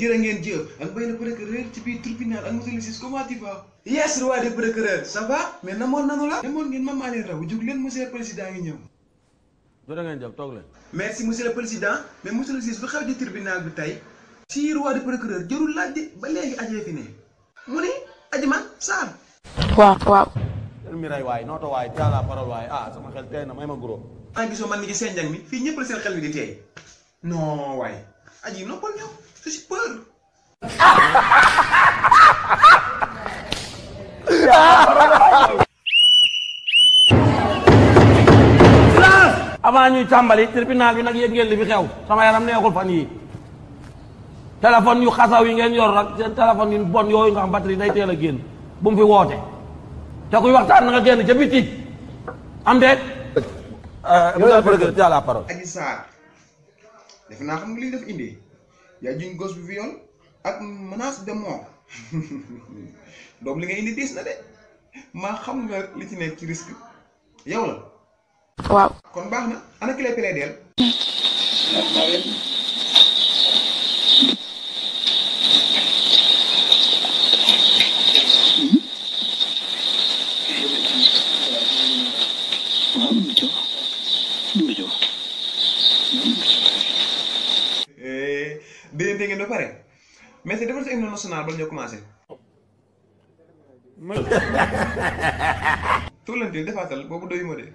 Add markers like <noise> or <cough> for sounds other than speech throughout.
Jangan ngeen jëf ak béy na procureur ci biir tribunal ak monsieur le juge comment tu vas yes roi de procureur ça va mais namoon nanu la namoon ngeen ma maa leen raw jóg leen monsieur le président ngi ñëw jërë ngeen jëf toog leen merci monsieur le président mais monsieur le juge tribunal bi si roi de procureur laaj di ba léegi aja fi ne mu man sar. Wah, wah. miray waay nooto waay jaala parol waay ah sama xel namanya na may ma guro ah gisoo man ni ci seen mi fii ñëpp la mi di tey non way aji noppal Fisiper. avant ñuy tàmbali tribunal bi nag yëg ngeen li fi xew sama yaram neexul fan yi téléphone yu xasaw yi ngeen yor nag seen téléphone yu bon yooyu nga xam batterie day teel a bu mu fi woote te kuy waxtaan nga génn ca biti am de euh monsieur le président la parole Adji Sarr def naa xam nga def indi yaa jiñ gos bi viol ak menace de mort <laughs> doom li nga indi diis na de maa xam nga li ci nekk ci risque yow la. waaw kon baax na ana ki lay plaideel. nationale bala ñoo commencé. man. defaatal boobu doyu de.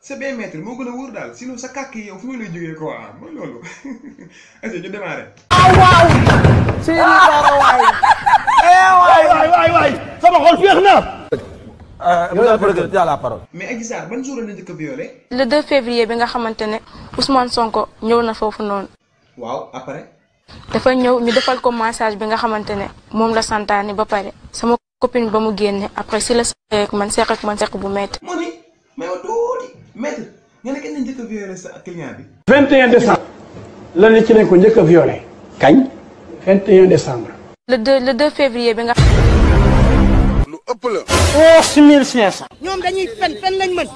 c'est bien moo gën a wóor daal sinon sa kàkk yi yow fu mu loolu. ayca <laughs> ñu démarré. ah waaw. sëñ eh, waay waay waay waay sama euh, mais Adji Sarr ban jour la njëkk a violé. le 2 février bi nga xamante ne Ousmane Sonko ñëw na foofu noonu. waaw après. dafa ñew ñu defal ko massage bi nga xamantene mom la santaane ba paré sama copine ba mu génné après si la sék man sék ak man sék bu métti. moni may wa tuuti métti nga nek ñu jëk violé sa client bi. 21 décembre lan ne ci lañ ko jëk violé kañ 21 décembre. le 2 le 2 février bi nga. lu ëpp la. 11500. ñom dañuy fen fen lañ mën.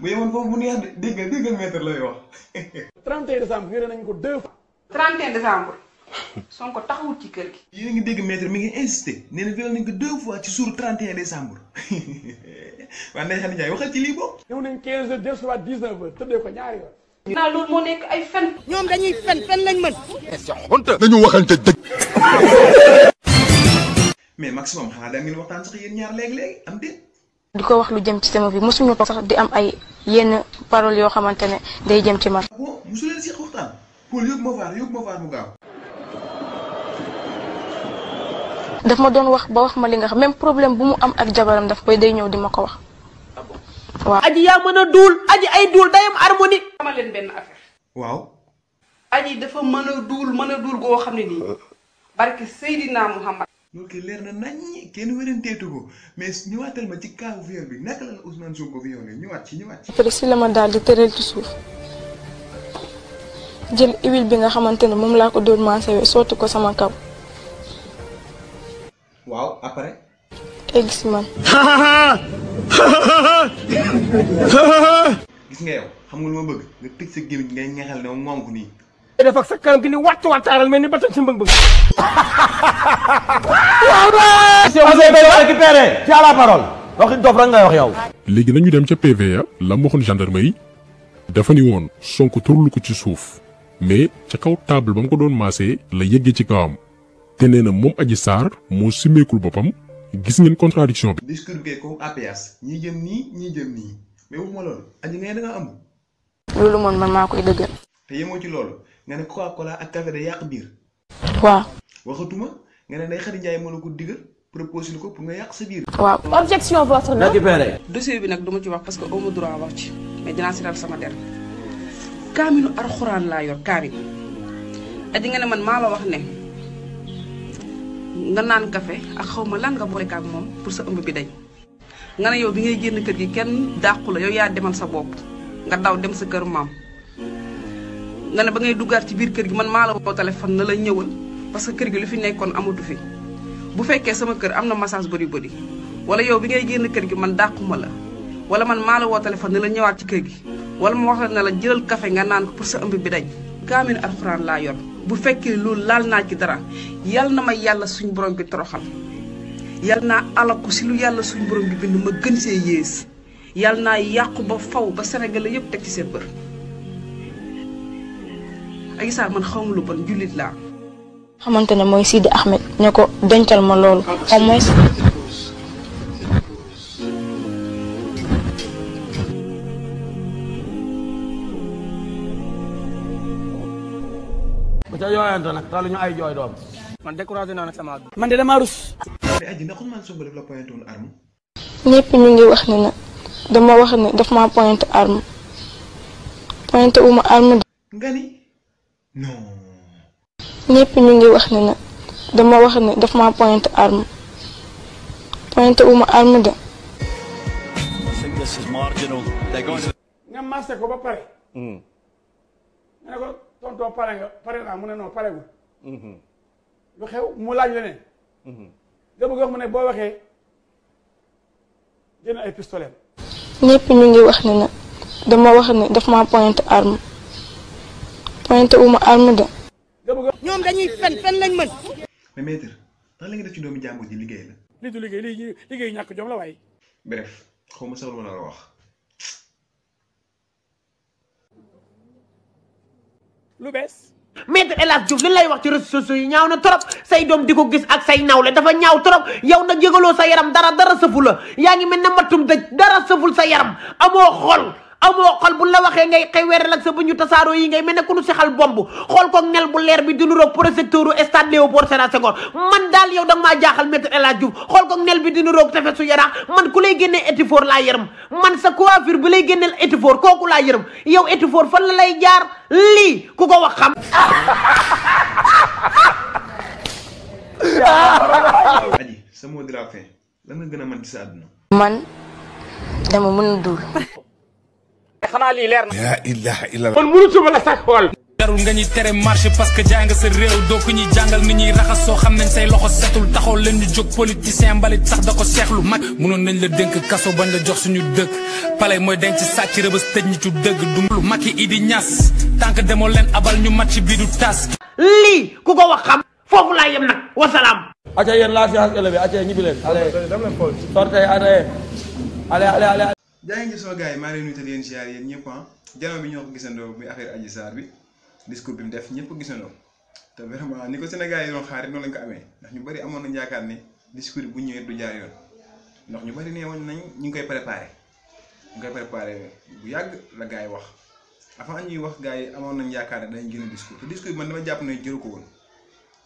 mu <laughs> yemoon foofu bu neex dégg dégg nga maître lay wax. 31 <laughs> décembre violé nañ ko deux fois. 31 décembre Sonko taxawut ci kër gi. ngi dégg maître mi ngi insisté nee na violé ko ci suur 31 décembre <laughs> waaw Ndeye Khady Ndiaye waxal ci lii boobu. ñëw nañ 15 heures dès soit 19 heures ko ñaari yoon. naa loolu moo nekk ay fen. ñoom dañuy fen fen lañ mën. c'est honte. nañu waxante dëgg. <laughs> mais maximum xanaa da ngeen waxtaan sax yéen ñaar léegi-léegi am déet. ko wax lu jëm ci sama bi mosuñu ko sax di am ay yenn paroles yoo xamante ne day jëm ci man. Ah Paul yóbbu ma vaar ma doon wax ba wax ma li nga xam même problème bu mu am ak jabaram daf koy day ñëw di ma ko wax. waaw aji yaa mën a duul aji ay duul day am harmonie. leen benn affaire. waaw. aji dafa mën a duul mën a duul goo xam ne nii barke Seydina Muhammad. loolu kay leer na nañ kenn wéranteetu ko mais ñëwaatal ma ci kaawu viol bi naka la la Ousmane Sonko violé ñëwaat ci ñëwaat ci. après si la ma daal di tëral ci suuf. jël huile bi nga xamante ne moom laa ko doon maasewee sotti ko sama kaw. waaw après. egg si man. <laughs> gis nga yow xam nga lu ma bëgg nga tëj sa gémmiñ ngay ñaxal ne moom ko nii. def ak sa kanam gi ni wàcc wàccaaral mel ni ba si mbëng-bëng. waaw la parole. wax yow. léegi nañu dem ca PV ya la waxoon gendarmerie. dafa ni woon sonk turlu ko ci suuf. mais ca kaw table ba mu ko doon maasee la yëggee ci kawam te nee na moom Adji Sarr moo simeekul boppam gis ngeen contradiction bi. discours bi comme APS ñii nii ñii jëm nii mais waxuma loolu aji nga ne da nga am. maa koy dëggal. te yemoo ci loolu nga ne Coca Cola ak café da yàq biir. waaw. waxatuma nga ne day xarit Ndiaye moo la ko digal proposé lu ko pour nga yàq sa biir. waaw objection votre nom. dossier bi nag du ci wax parce que amu droit wax ci mais dinaa seetal sama der. Kami alxuraan la yor kaamil aji nga ne man wax ne nga nan café ak xawma lan nga boré kaag mom pour sa ëmb bi day nga ne yow bi ngay genn kër gi kenn daqku la yow ya demal sa bop nga daw dem sa kër mam nga ne ba ngay duggaat ci bir kër gi man maa la téléphone na la ñëwal parce que kër gi lu fi nekkon amatu fi bu fekke sama kër amna massage bari bari wala yow bi ngay genn kër gi man ma la wala man maa la téléphone na la ñëwaat ci kër gi wala mu waxal na la jëlal café nga naan pour sa ëmb bi daj kaamil alquran la yor bu fekkee lu lal na ci dara yal na ma yalla suñu borom bi toroxal yal na alaku ci lu yalla suñu borom bi bind ma gën ci yees yal na yaq ba faw ba sénégalais yépp tek ci seen bër ay sa man xawmu lu bon julit la xamantene moy Sidi Ahmed ne ko malol ma au moins ca yooyante nag te lu ñu ay jooy doom. man ngi wax ne na dama wax ne daf ma arme. nga ni non. wax ne arme pointé wu ma arme de. tonton pare nga pare na mu ne non paregul. Mhm. lu xew mu laaj leneen. nga mhm. bëgg mu ne boo waxee jënd ay pistolet. ñëpp ñu ngi wax ne na dama wax ne daf maa pointé arme pointé wu ma arme de. ñoom dañuy fen fen lañ mën. li nga def ci doomu jàmbur ji liggéey la. du liggéey ñàkk jom la waaye. bref wax. lu bees. maître El Hadj Diouf li lay wax ci réseaux sociaux yi ñaaw na trop say doom di ko gis ak say nawle dafa ñaaw trop yow nag yëgaloo sa yaram dara dara sëfu yaa ngi mel ne mattum dëj dara sëful sa yaram amoo xol. amo xol bu la waxe ngay xëy weer ak sa buñu tassaro yi ngay melne ku nu xal bomb xol ko ngel bu leer bi du nuro projecteuru stade Léopold Sédar segor man dal yow danga ma jaxal maître ela Hadj xol ko ngel bi du nuro tafesu yara man ku genné etifor la yeram man sa coiffure bu lay gennel etifor kooku la yeram yow etifor fan la lay jaar li ku ko wax xam aji sa mot de la fin ci man dama mën a xanaa lii leer na. yaa ilaha illallah. man mënutuma la sax xool. jarul nga ñuy tere marché parce que jaay nga sa réew doo ko ñuy jàngal ni ñuy raxas soo xam nañ say loxo setul taxaw leen ñu jóg politicien mbalit sax da ko seexlu mag mënoon nañ la dénk kaso bañ la jox suñu dëkk palais mooy denc sàcc rëbës tëj ñi ci dëgg du lu Macky Idi Niass tànk demoo leen abal ñu match bi du tas lii ku ko wax xam foofu laa yem nag wasalaam acca yéen la science élevée acca ñibbi leen allez sortez allez allez allez jaa ngi sama gars maa ngi leen nuyu te leen ziar yéen ñëpp ah bi ñoo ko gisandoo muy affaire Adji Sarr bi discours bi mu def ñëpp gisandoo te vraiment ni ko Sénégal yi doon xaar noonu lañ ko amee ndax ñu bari amoon nañu yaakaar ne discours bu ñëwee du jaar yoon ndax ñu bëri nee woon nañ ñu ngi koy préparé ñu ngi koy préparé bu yàgg la gars yi wax avant ñuy wax gars yi amoon nañ yaakaar ne dañ génn discours te discours bi man dama jàpp ne jëru ko woon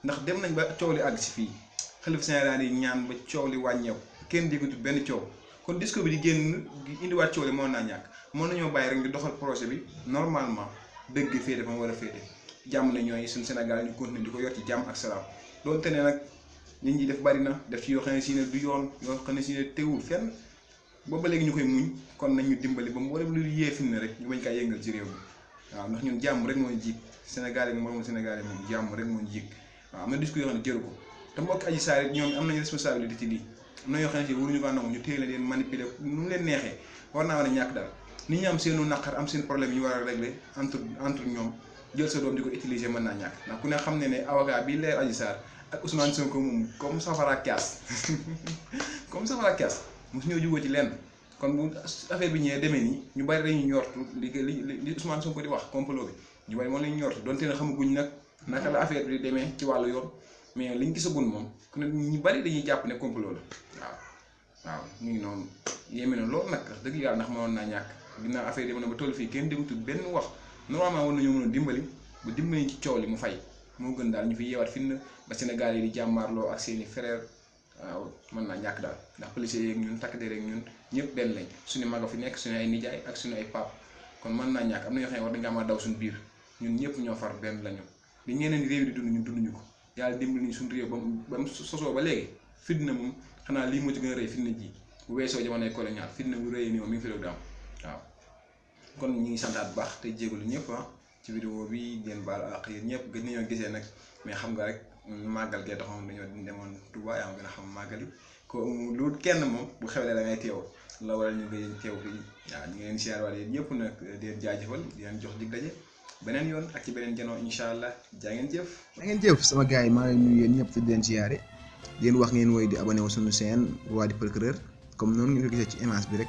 ndax dem nañ ba coow li àgg si fii xalif général yi ñaan ba coow li wàññeeku kenn déggatul benn coow kon discours bi di génn indiwaat coow li mën naa ñàkk mën nañoo bàyyi rek di doxal projet bi normalement dëgg féete a féete jàmm ne ñooy suñu Sénégal ñu continuer di ko yor ci jàmm ak salaam doonte ne nag nit ñi bari na def ci yoo xam si ne du yoon yoo si ne teewul fenn booba léegi ñu koy muñ kon nañ ñu dimbali ba mu war a lu yeefin ne rek ñu bañ ci réew mi waaw ndax ñun jàmm rek moo ñu jiig Sénégal yi moom Sénégal yi moom jàmm rek moo ñu jiig waaw am na discours yoo xam ne jëru ko te mbokk Adji Sarr ñoom am nañu responsabilité ci am na yoo xam ne si waruñu faa nangu ñu téye leen manipuler nu mu leen neexee war naa war a ñàkk dara nit ñi am seenu naqar am seen problème ñu war a régler entre entre ñoom jël sa doom di ko utiliser mën naa ñàkk ndax ku ne xam ne ne avocat bi leer Adji Sarr ak Ousmane Sonko moom comme safara kaas <laughs> comme safara kaas mosu ñoo jugoo ci kon bu affaire bi ñëwee demee ñu bari dañuy ñortu li li li Ousmane Sonko di wax complot bi ñu bari moom la ñu ñortu donte ne xamaguñ nag naka la affaire bi demee ci wàllu yoon. mais liñ gisagun moom ku ne ñu bari dañuy jàpp ne complot la waaw waaw mu ngi noonu yéeme na loolu nag dëgg yàlla ndax mënoon naa ñàkk ginnaaw affaire yi dem na ba toll fii kenn déggutul benn wax normalement war nañoo dimbali ba dimbali ci coow li mu fay moo gën daal ñu fi yeewaat fitna ba Sénégal yi di jàmmaarloo ak seeni frère waaw mën naa ñàkk daal ndax policiers yeeg ñun takk der yeeg ñun ñëpp benn lañ suñu maga fi nekk suñu ay nijaay ak suñu ay pap kon mën naa ñàkk am na ñoo xam ne war daw suñu biir ñun ñëpp ñoo far benn lañu li ñeneen réew di dund ñu dunduñu ko yàlla dimbali ñu suñu réew ba mu ba mu sosoo ba léegi fitna moom xanaa lii moo ci gën a rëy fitna ji bu weesoo jamonoy colonial fitna bu rëy nii moom mi ngi fi doog waaw kon ñu ngi santaat bu baax te jégalu ñëpp ah ci vidéo bi ngeen baal àq yéen ñëpp gën nañoo gisee nag mais xam nga rek màggal gee taxoon dañoo demoon Touba yaa gën a xam màggal ko lu kenn moom bu xewlee da ngay teew la waral ñu ngi teew fii waaw ñu ngi leen siyaar ñëpp nag di leen jaajëfal di jox di daje beneen yoon ak ci beneen janoo incha allah jaa ngeen jëf. jaa ngeen jëf sama gars yi maa ngi nuyu yéen ñëpp di leen ziare di leen wax ngeen woy di abonné wu suñu chaîne Voix du Procureur comme noonu ngeen ko gisee ci image bi rek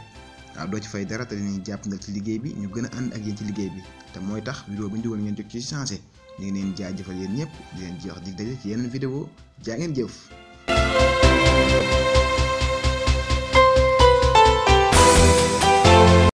waaw doo ci fay dara te dinañ jàpp nag ci liggéey bi ñu gën a ànd ak yéen ci liggéey bi te mooy tax vidéo bi ñu dugal ngeen jóg ci changé ñu ngi leen jaajëfal yéen ñëpp leen jox dig daje ci yeneen jaa ngeen jëf.